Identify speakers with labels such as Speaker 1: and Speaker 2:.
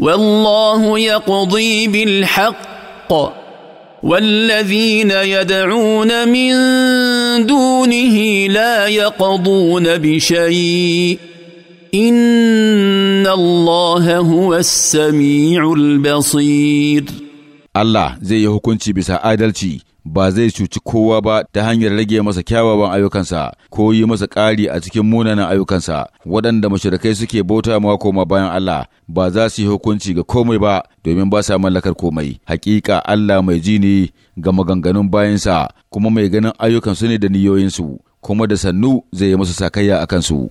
Speaker 1: والله يقضي بالحق والذين يدعون من دونه لا يقضون بشيء ان الله هو
Speaker 2: السميع البصير Allah zai yi hukunci bisa adalci
Speaker 3: ba zai cuci kowa ba ta hanyar rage masa kyawawan ayyukansa ko yi masa ƙari a cikin munanan ayyukansa waɗanda mashirikai suke bauta ma koma bayan Allah ba za su yi hukunci ga komai ba domin ba sa mallakar komai haƙiƙa Allah mai ji ne ga maganganun
Speaker 4: bayansa kuma mai ganin ayyukansu ne da niyoyinsu kuma da sannu zai yi musu sakayya a kansu